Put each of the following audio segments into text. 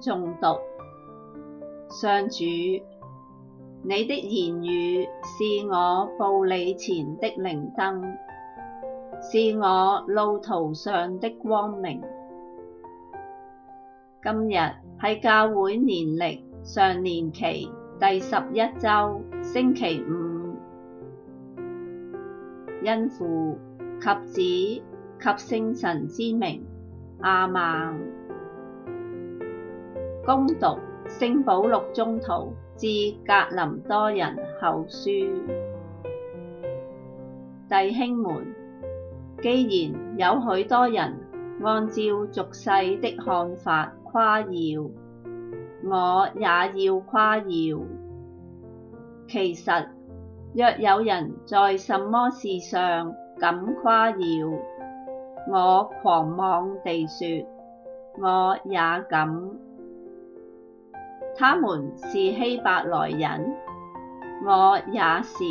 誦讀，上主，你的言語是我步履前的明燈，是我路途上的光明。今日係教會年曆常年期第十一周星期五，因父及子及聖神之名，阿孟。恭讀聖保祿宗徒致格林多人後書，弟兄們，既然有許多人按照俗世的看法誇耀，我也要誇耀。其實，若有人在什麼事上敢誇耀，我狂妄地說，我也敢。他們是希伯來人，我也是；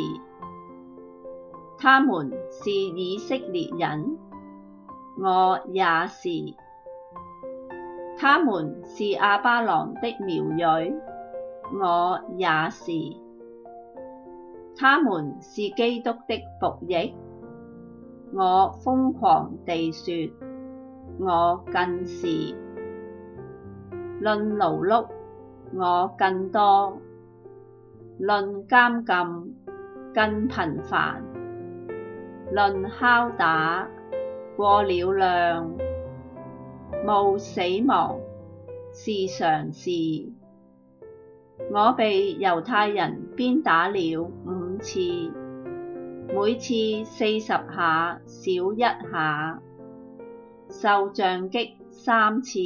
他們是以色列人，我也是；他們是亞巴郎的苗裔，我也是；他們是基督的僕役，我瘋狂地說，我更是。論勞碌，我更多，論監禁更頻繁，論拷打過了量，冒死亡是常事。我被猶太人鞭打了五次，每次四十下少一下，受杖擊三次，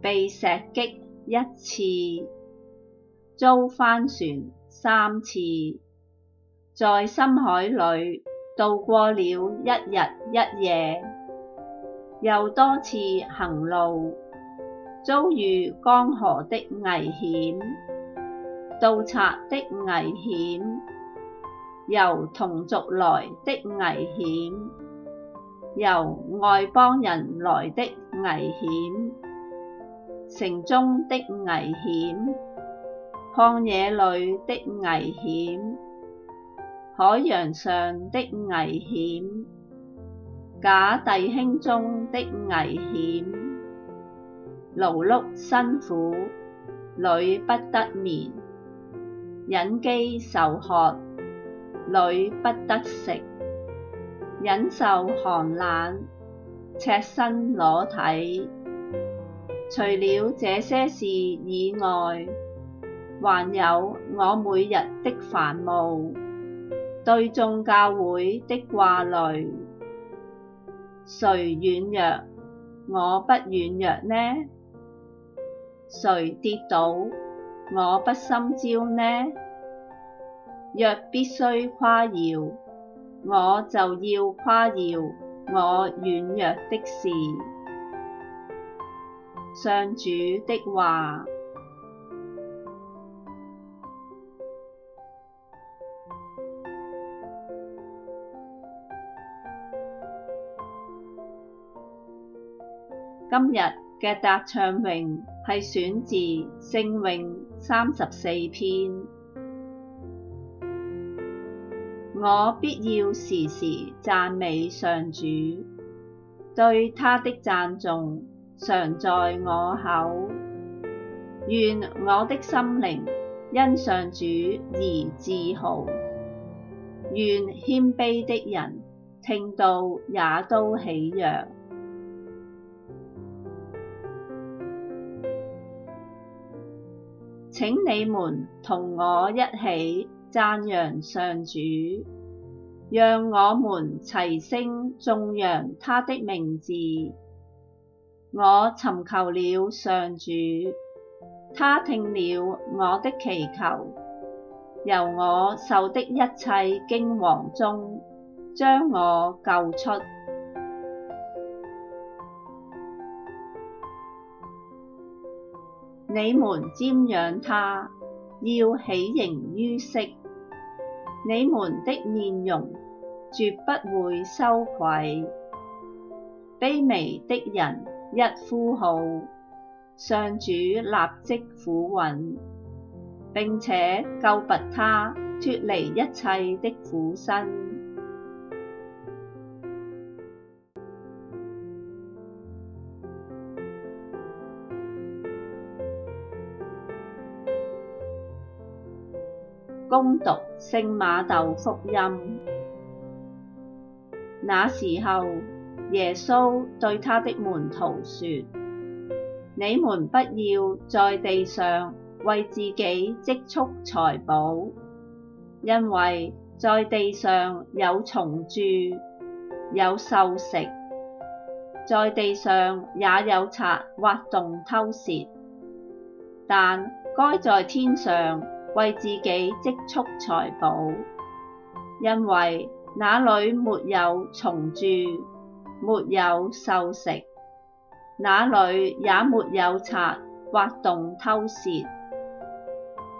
被石擊。一次遭翻船三次，在深海裏渡過了一日一夜，又多次行路，遭遇江河的危險，盜賊的危險，由同族來的危險，由外邦人來的危險。城中的危險，曠野裏的危險，海洋上的危險，假弟兄中的危險。勞碌辛苦，屢不得眠；忍飢受渴，屢不得食；忍受寒冷，赤身裸體。除了這些事以外，還有我每日的繁務，對眾教會的掛慮。誰軟弱，我不軟弱呢？誰跌倒，我不心焦呢？若必須誇耀，我就要誇耀我軟弱的事。上主的話，今日嘅答唱詠係選自聖詠三十四篇。我必要時時讚美上主，對他的讚頌，常在我口，願我的心靈因上主而自豪，願謙卑的人聽到也都喜躍。請你們同我一起讚揚上主，讓我們齊聲頌揚他的名字。我尋求了上主，他聽了我的祈求，由我受的一切驚惶中將我救出。 你們瞻仰他，要喜形於色，你們的面容絕不會羞愧，卑微的人，一呼號，上主立即俯允，並且救拔他脫離一切的苦辛。恭讀聖瑪竇福音，那時候。耶穌對他的門徒說：你們不要在地上為自己積蓄財寶，因為在地上有蟲蛀、有銹蝕；在地上也有賊挖洞偷竊。但該在天上為自己積蓄財寶，因為那裏沒有蟲蛀。沒有銹蝕，那裏也沒有賊挖洞偷竊。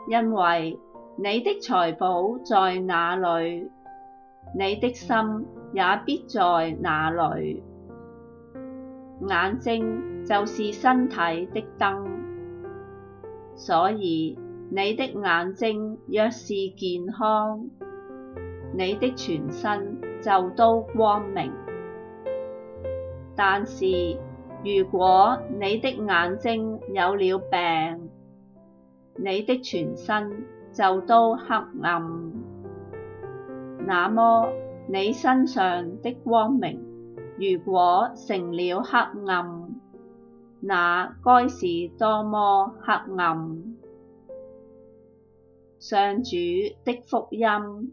因為你的財寶在那裏，你的心也必在那裏。眼睛就是身體的燈，所以你的眼睛若是健康，你的全身就都光明。但是，如果你的眼睛有了病，你的全身就都黑暗。那麼，你身上的光明，如果成了黑暗，那該是多麼黑暗！上主的福音。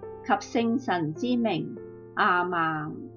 及聖神之名，亞孟。